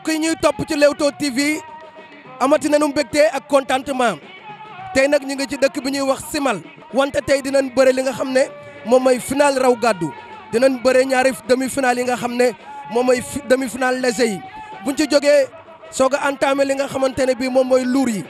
mbokk yi ñuy topp ci Leewtoo TV amati nañu mbégte ak contentement tey nag ñu ngi ci dëkk bi ñuy wax Simal wante tey dinañ bëre li nga xam ne moom mooy final raw gàddu dinañ bëre ñaari demi-finale yi nga xam ne moom mooy demi-finale léger yi buñ ci jógee soog a entamé li nga xamante ne bii moom mooy luur yi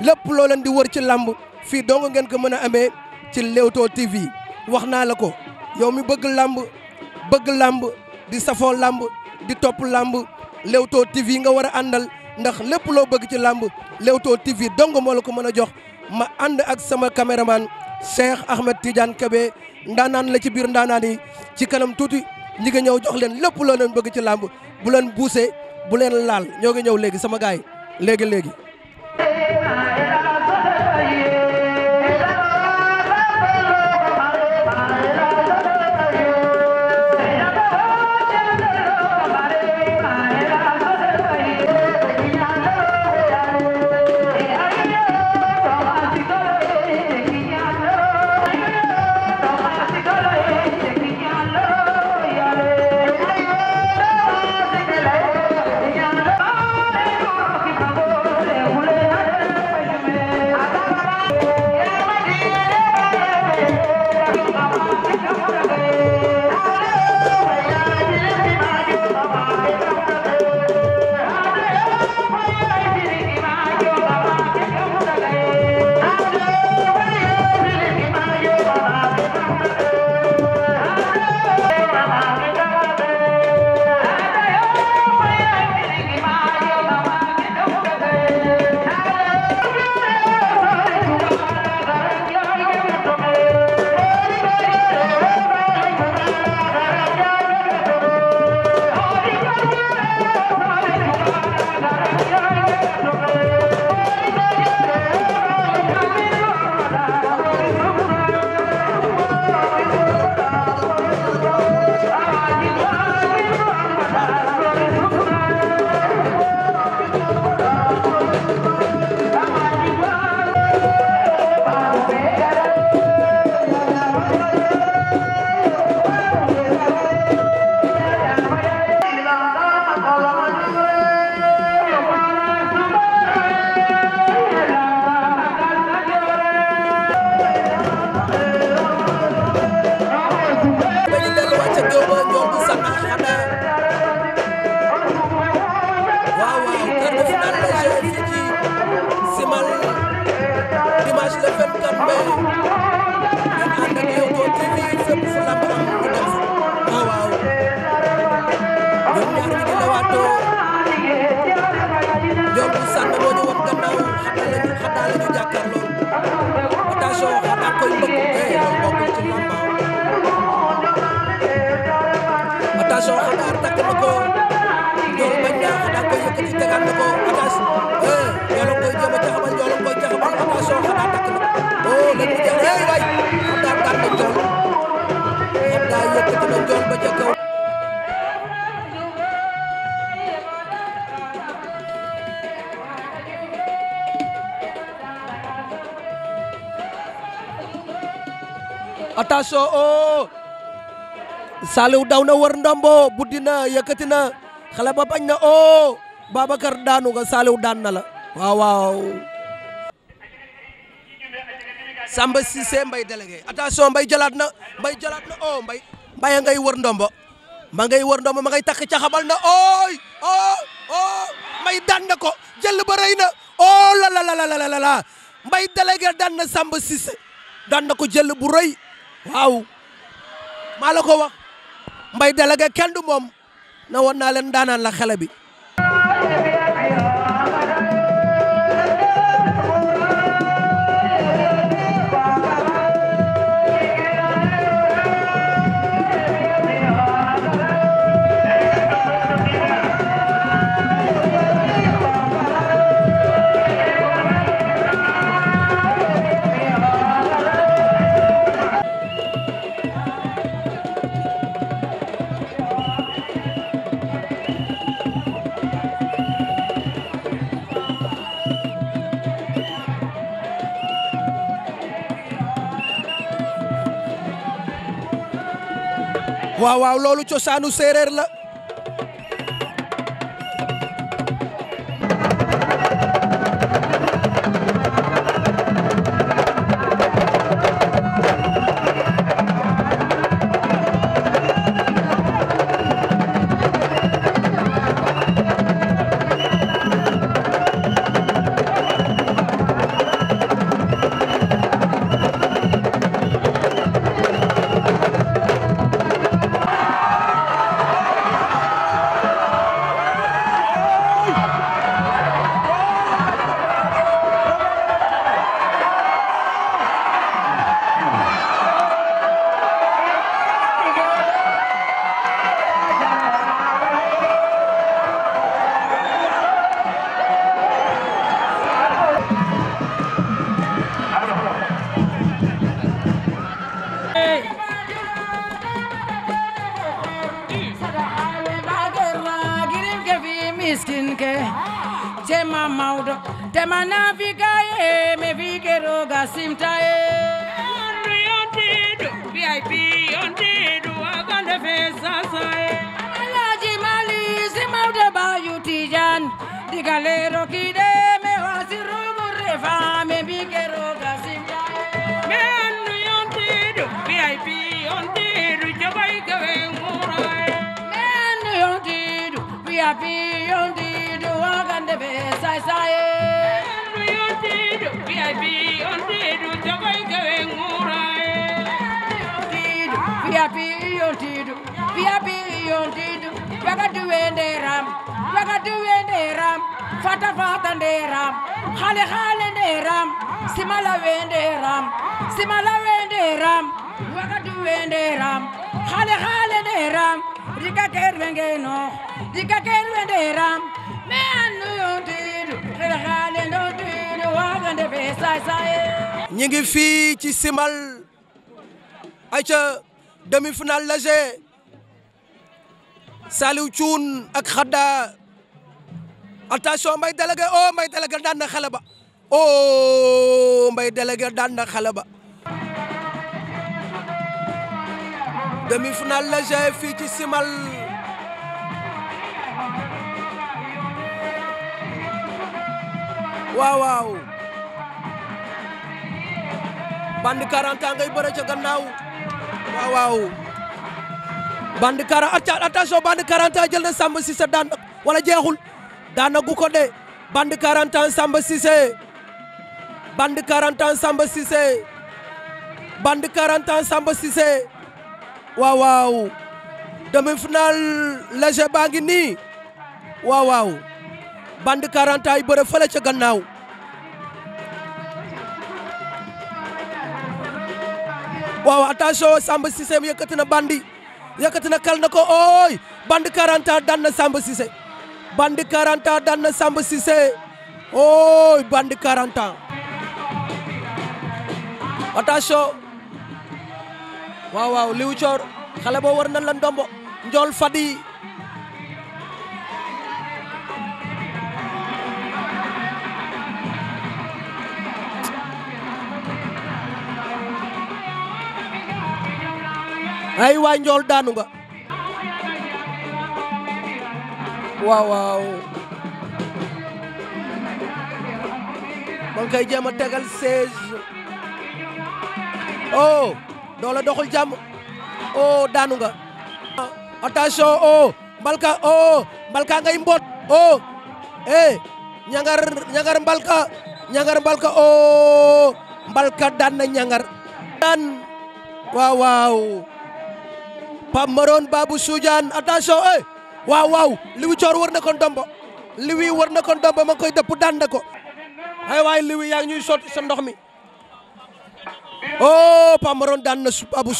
lépp loo leen di wër ci làmb fii dong ngeen ko mën a amee ci Leewtoo TV wax naa la ko yow mi bëgg làmb bëgg làmb di safoo làmb di topp làmb Leewtoo TV nga war a àndal ndax lépp loo bëgg ci làmb Leewtoo TV dong moo la ko mën a jox ma ànd ak sama caméraman Cheikh Ahmed Tidiane Kébé ndaanaan la ci biir ndaanaan yi ci kanam tuuti ñi nga ñëw jox leen lépp leen bëgg ci làmb bu leen buusee bu leen laal ñoo ngi ñëw léegi sama gaay léegi léegi. attention oh daw na wër ndombo buddi na yëkkati na xale ba bañ na oh Babacar daanu nga Saliou daan na waaw waaw Samba Cissé Mbaye délégué attention Mbaye jëlaat na Mbaye jëlaat na oh Mbaye Mbaye ngay wër ndombo ma ngay wër takk ca xabal na ooy oh oh Mbaye daan ko jël ba na oh la la la la la Mbaye Samba Cissé daan ko jël bu rëy waaw maa la ko wax Mbaye Délégué kenn du moom na woon naa leen daanaan la xale bi waaw waaw loolu cosaanu séeréer la galero kide me wasiru burrefa me bigero gasimya me annu yonti do vip yonti do jobai gawe murai me annu yonti do vip yonti do wagande be sai sai annu yonti do vip yonti do jobai gawe murai yonti do vip yonti do vip yonti do yagadu wenderam daga dewe ndeeram fata ndeeram xale xale ndeeram simalawe ndeeram simalawe ndeeram waga dewe ndeeram xale xale ndeeram diga kerwe ngenoox diga kerwe ndeeram me an nuyontiidu xale xale ndotiidu waga ndefe saay saay ñi ngi fii ci simal ayca demi-finale léger Saliou Thioune ak Khada attention Mbaye délégué oh Mbaye délégué daan na xale ba oh Mbaye daan na xale demi-finale la jee fii ci Simal waaw waaw bandi ngay bëre ca gannaaw waaw waaw bandi 40 attention bandi 40 na sàmm si sa daan wala jeexul. daanagu ko de bande 40 ans Samba Cissé bande 40 Samba Cissé bande 40 Samba Cissé waaw waaw demi-finale baa ngi nii waaw waaw bande 40 ans gannaaw waaw attention Samba Cissé yëkkati na bandi yëkkati na ko ooy bande 40 ans Samba Cissé Bandit 40 ans Samba Cissé ooy Bandit 40 ans attention waaw xale boo war na la ndombo Njool Fadi ay waay Njool daanu waaw waaw man kay jéem tegal 16 oh doole doxul jàmm oh daanu nga attention oh mbalka oh mbalka ngay mbot oh eh ñangar ñangar mbalka ñangar mbalka oh mbalka daan ñangar waaw waaw Pape Maron Babou Soudiane attention eh waaw waaw liwi coor war na ko ndombo liwi war na ko ndombo ma koy dëpp daan na ko ay waay liwi yaa ñuy sotti sa ndox mi oh Pamaron daan na Abou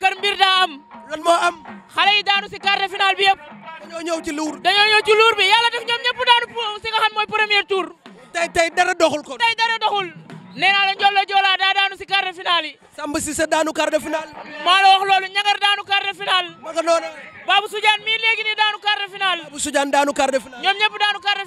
kër mbir daa am. lan moo am. xale yi daanu si quart de finale bi yëpp. dañoo ñëw ci luur. dañoo ñëw ci luur bi yàlla def ñoom ñëpp daanu si nga xam mooy premier tour. tey tey dara doxul kon. tey dara doxul. nee naa la Ndiollo Joola daa daanu si quart de finale si sa daanu quart de finale. maa la wax loolu ñagar daanu quart de Babou Soudiane mii léegi nii daanu quart de finale Babou Soudiane daanu quart de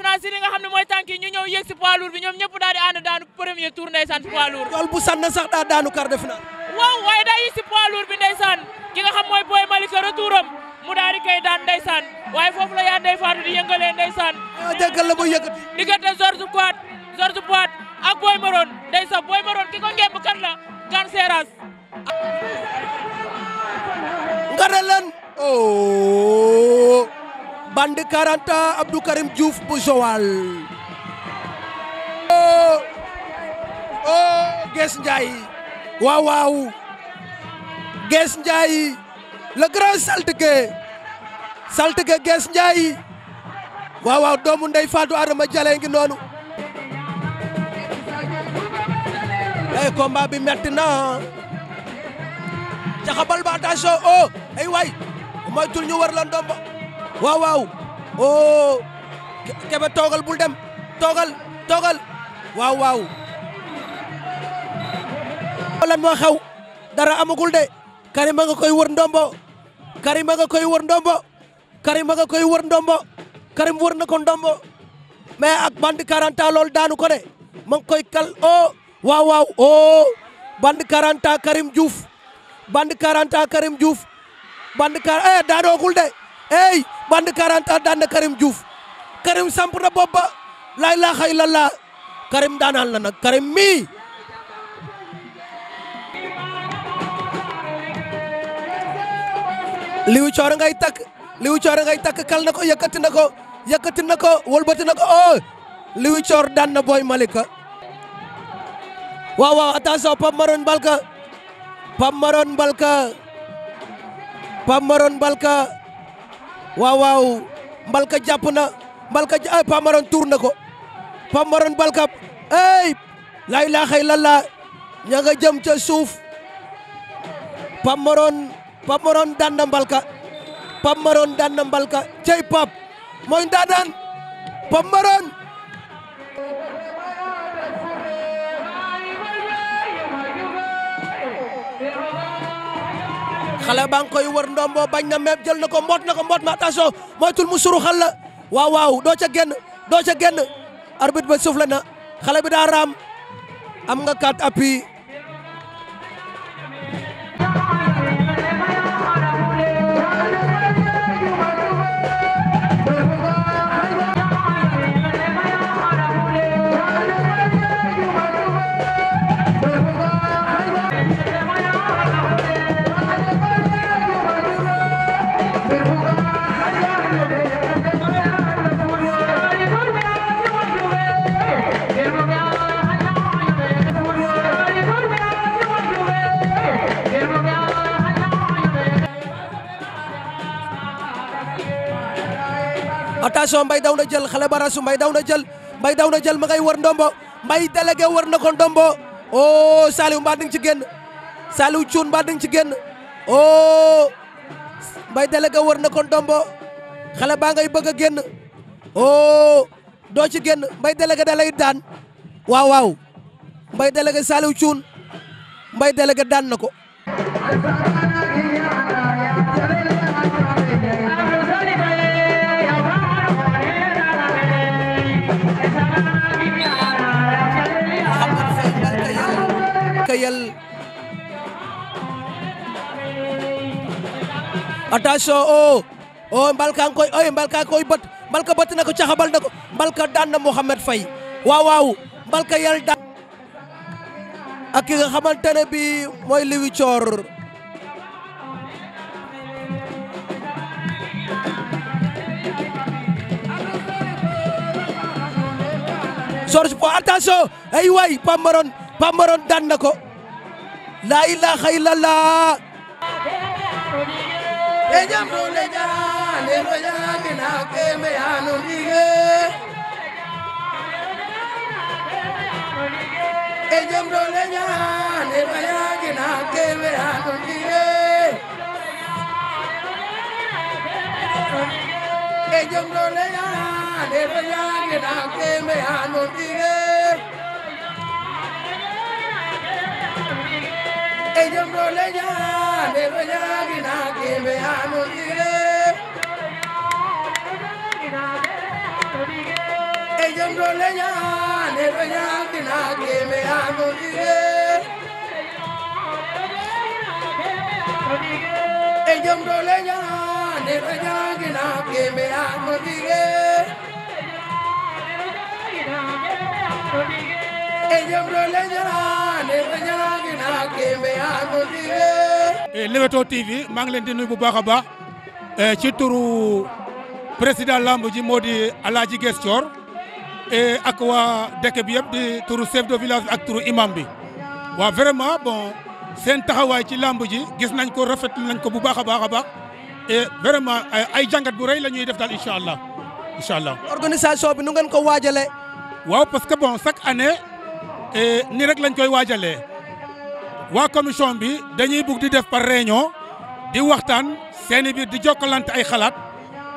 finale si li xam ne mooy tànk ñu ñëw yëg si bi ñoom ñëpp daal di daanu premier tour ndeysaan si poids lourd bu sànn sax daanu quart de finale waaye daa yëg si bi ndeysaan ki nga xam Boy Malika retouram mu daal di koy daan ndeysaan waaye foofu la yaa ndey faatu di yëngalee ndeysaan ah, déggal la muy yëkkati diggante George Poit George Poit ak Boy Maron ndeysaan 40 ans Abdou bu Joal oh oh Guess Ndiaye waaw waaw Guess Ndiaye le grand saltige saltige Guess Ndiaye doomu ndey Fatou Adama Jale noonu ay eh, combat bi metti na jaxabal ba attention oh ay waay moytul ñu war la ndomba waaw oh, oh, oh. Kébé toogal bul dem toogal toogal waaw waaw. lan moo xew dara amagul de Karima nga koy wër ndombo Karima nga koy wër ndombo Karima nga koy wër ndombo Karim wër na ko ndombo mais ak bande 40 ans loolu daanu ko de ma ngi koy kal oh waaw waaw oh bande 40 ans Karim Diouf bande 40 ans Karim Diouf bande 40 eh daanoogul de. ey bande 40 daan na Karim Diouf Karim samp na bopp laa ilaaha illallaah Karim daanaan la nag Karim mii liwu coore ngay takk liwu coore ngay takk kal ko yëkkati na ko yëkkati ko wëlbati ko oh liwu coor daan na Boy Malika waaw waaw attention Pape Maroon Balka Pape Maroon Balka Pape Maroon Balka waaw waaw mbalka jàpp na mbalka ay eh, pamaron tuur na ko pamaron mbalka ay eh, laa ilaaha illallah ña nga jëm ca suuf pamaron pamaron daan na mbalka pamaron daan mbalka cey pap mooy ndaanaan pamaron xale baa ngi koy wër ndombo bañ na meeb jël na ko mboot na ko mboot ma attention moytul mu suru xal la waaw waaw doo ca génn doo ca génn arbitre ba soufflé na xale bi daa raam am nga quatre appui attention mbay daw na jël xale ba rasu mbay daw na jël mbay daw na jël ma ngay war ndombo mbay délégué war na ko ndombo oh Saliou mbaa dinga ci génn Saliou Thioune mbaa dinga ci génn oh mbay délégué war na ko ndombo xale baa ngay bëgg a génn oh doo ci génn mbay délégué da lay daan waaw waaw mbay délégué Saliou Thioune mbay délégué daan na ko Bakel attention o oh, o oh, mbal kaa oh, bët mbal bët na ko caxabal na ko mbal ka daan na Mouhamed Faye waaw waaw yal daan ak ki nga bii mooy Liwi Coor George Boy attention ay waay Pamaron Pamaron daan na ko la ilaha illallah e jam do le jale ro ya bina ke me anu dige e jam do le jale ro ya bina ke me anu dige e jam do le jale ro ya bina ke me anu dige e jomɗole ñaande ɗo ñaaginaki ɓe anonɗige e jomɗole ñaande ɗo ñaaginaki ɓe anonɗige e jomɗole ñaande ɗo ñaaginaki ɓe anonɗige e jomɗole ñaande ɗo ñaa Eh, Leewtoo TV maa ngi leen di nuyu bu baax a baax eh, ci turu président lamb ji moo di Alaaji Ges Coor eh, ak waa dëkk bi yëpp di turu chef de village ak turu imam bi waa vraiment bon seen taxawaay ci lamb ji gis nañ ko rafet nañ ko bu baax a baax a baax et vraiment ay jàngat bu rey la ñuy def daal incha allah incha allah. organisation bi nu ngeen ko waajalee. waaw parce que bon chaque année nii rek lañ koy waajalee. waa commission bi dañuy bugg di def par réunion di waxtaan seeni biir di jokkalante ay xalaat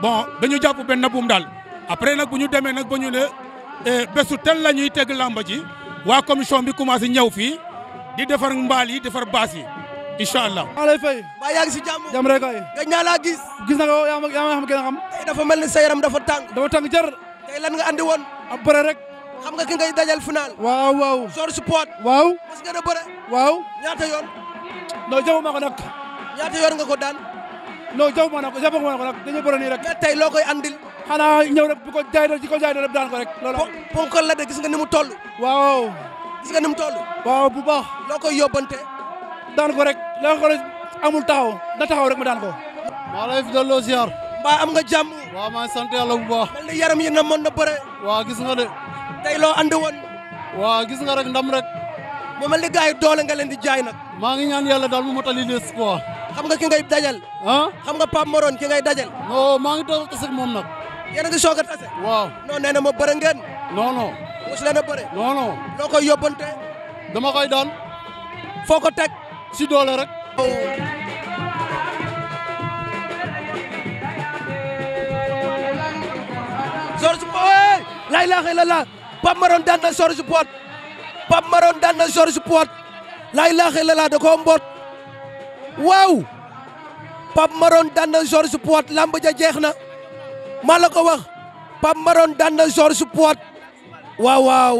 bon ba ñu jàpp benn buum daal après nag bu ñu demee nag ba ñu ne eh, bésu tel la ñuy teg làmba ji waa commission bi commencé ñëw fii di defar mbaal yi defar baas yi incha allah. maa lay fay. mbaa yaa ngi si jàmm. jàmm rek ay. laa gis. gis na nga yaa ma xam dafa mel ni sa yaram dafa tàng. dafa tàng jër. tey lan nga andi woon. am bëre rek. xam nga ki ngay dajal final. waaw waaw George Poite. waaw mos ngeen a bëre. waaw ñaata yoon. non jaww ma ko nag. ñaata yoon nga ko daan. noo jaww ma nag jaww ma ko nag dañuy bëre nii rek. mais tey loo koy andil. xanaa ñëw rek bu ko jaay doon ci ko jaay doon daan ko rek. loolu ponkal la de gis nga ni mu toll. waaw. gis nga ni mu waaw bu baax. loo koy yóbbante. daan ko rek loo ko amul taxaw da taxaw rek ma daan ko. maa lay fi delloo ziar. mbaa am nga jàmm. waaw maa yi mën na bëre. waaw gis nga tey loo andi woon. waaw gis nga rek ndam rek. mu mel ni doole nga leen di jaay nag. maa ngi ñaan yàlla daal mu motali les quoi. xam nga ki ngay dajal. ah xam nga Pape Morone ki ngay dajal. non maa ngi doog a tase ak moom nag. yéen a ngi soog a tase. waaw non nee na ma ngeen. non non. mosu leen a bëre. non non. loo koy yóbbante. dama koy daan. foo ko teg. si doole rek. George Mboye. la ilaha Pape Maron daan na George Poite Pape Maron daan na George Poite laa ilaaha illallaah da koo mboot waaw Pape Maron daan na George Poite lamb ja jeex na maa la ko wax Pape Maron daan na George Poite waaw waaw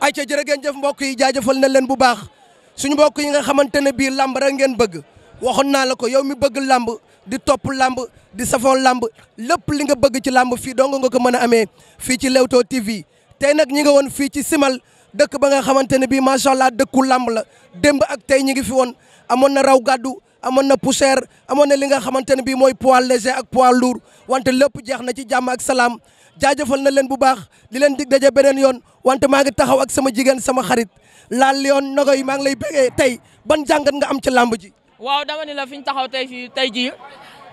ay ca jërë ngeen jëf mbokk yi jaajëfal na leen bu baax suñu mbokk yi nga xamante ne bii lamb rek ngeen bëgg waxoon naa la ko yow mi bëgg lamb di topp lamb di safoo lamb lépp li nga bëgg ci lamb fii dong nga ko mën a amee fii ci Leewtoo TV tey nag ñi nga woon fii ci Simal dëkk ba nga xamante ne bii macha allah dëkku làmb la démb ak tey ñi ngi fi woon amoon na raw gàddu amoon na poussière amoon na li nga xamante ne bii mooy poids léger ak poids lourd wante lépp jeex na ci jàmm ak salaam jaajëfal na leen bu baax di leen di daje beneen yoon wante maa ngi taxaw ak sama jigéen sama xarit laal yoon nogo maa ngi lay bégee tey ban jàngat nga am ci làmb ji. waaw dama ni la fi ñu taxaw tey fii tey jii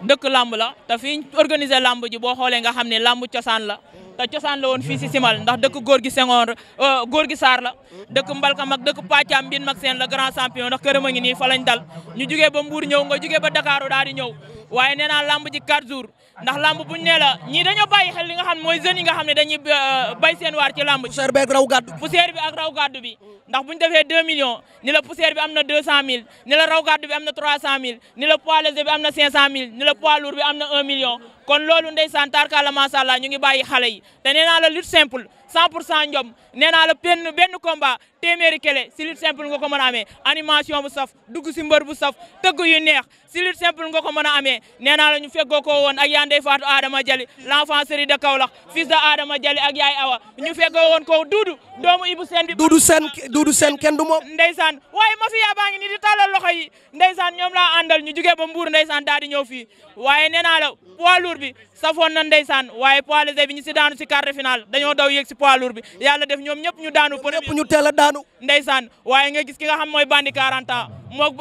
dëkk làmb la te fi organiser làmb ji boo xoolee nga xam ne làmb cosaan la te cosaan la woon fii si Simal ndax dëkk góor gi Senghor euh, góor gi Sarr la dëkk Mbalka mag dëkk Pàccaam Mbin mag seen la grand champion ndax këram a ngi nii fa lañ dal ñu jugee ba Mbour ñëw nga jugee ba Dakar daal di ñëw waaye nee naa làmb ji 4 jours ndax lamb buñ ne la ñii dañoo bàyyi xel li nga xam mooy jeunes nga xam ne dañuy euh, bay seen waar ci lamb poussière bi ak raw gàddu poussière bi ak raw gàddu bi ndax buñ defee 2 millions ni la poussière bi am na 200000 ni la raw gàddu bi am na 300000 ni la poids na 500000 ni la poids lourd bi am na 1 million kon loolu ndeysaan tarkala macha allah ñu ngi bàyyi xale yi te nee naa la lutte simple 100 pour cent njom nee naa la benn benn combat téeméeri kele si lutte simple nga ko mën a amee animation bu saf dugg si mbër bu saf tëgg yu neex si lutte simple nga ko mën a amee nee naa la ñu feggoo ko woon ak yaa ndey faatu Adama Jali l'enfant série de Kaolack fils de Adama Jali ak yaay Awa ñu feggoo woon ko duudu doomu Ibu Seen bi. duudu seen duudu seen kenn du moom. ndeysaan waaye mafia baa ngi nii di tàllal loxo yi ndeysaan ñoom laa àndal ñu jugee ba Mbour ndeysaan daal di ñëw fii lourd bi safoon na ndeysaan waaye poids léger bi ñu si daanu si quart de finale dañoo daw yéeg si poids lourd bi yàlla def ñoom ñëpp daanu ñëpp ñu teel a daanu ndeysaan waaye nga gis ki nga xam mooy bandi 40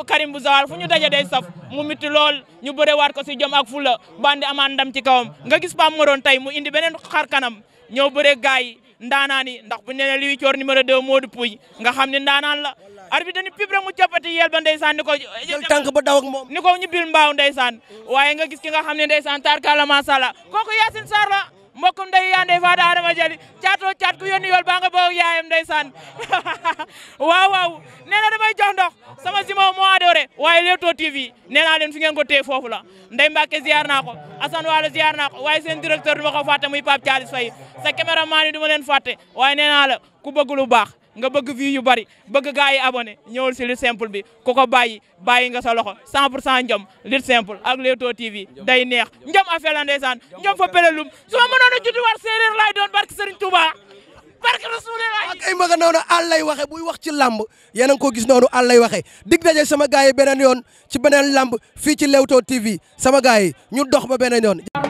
Karim bu zawal fu ñu daje day saf mu miti lool ñu waat ko jom ak fula bandi amaan ci kawam nga gis Pape Morone mu indi beneen kanam ñëw bëre gaay ndaanaan yi ndax bu ñu nee Louis Thior numéro 2 nga xam ne ndaanaan la arbitre dañu pib rek mu capati yel ba saan ni ko jël tànk ba daw moom ni ko ñibbil mbaaw ndeysaan mm. waaye nga gis ki nga xam ne ndeysaan tarkala masala kooku Yacine Sarr la mbokkum nday yaa ndey faata adama jali caatoo caat ku yónni yool baa nga boog yaayam ndeysaan waaw waaw nee na damay jox ndox sama simo moo adoré waaye Leewtoo TV nee naa leen fi ngeen ko téye foofu la nday Mbacke naa ko Assane Waalo ziar ko waaye seen directeur du ma ko fàtte muy Pape Thialis Faye sa caméraman yi du leen fàtte waaye nee naa la ku bëgg lu baax nga bëgg vie yu bari bëgg gars yi abonné ñëwal si lutte simple bi ku ko bàyyi bàyyi nga sa loxo 100 pour cent njom lutte simple ak Leewtoo TV day neex njom affaire la ndeysaan njom fa pelelum su ma mënoon a juddu war séeréer laay doon barke Serigne Touba barke Rasulullah ak ay maga noonu àllay waxe buy wax ci làmb yéen a ngi ko gis noonu àllay waxe dig daje sama gars yi beneen yoon ci beneen làmb fii ci Leewtoo TV sama gars yi ñu dox ma beneen yoon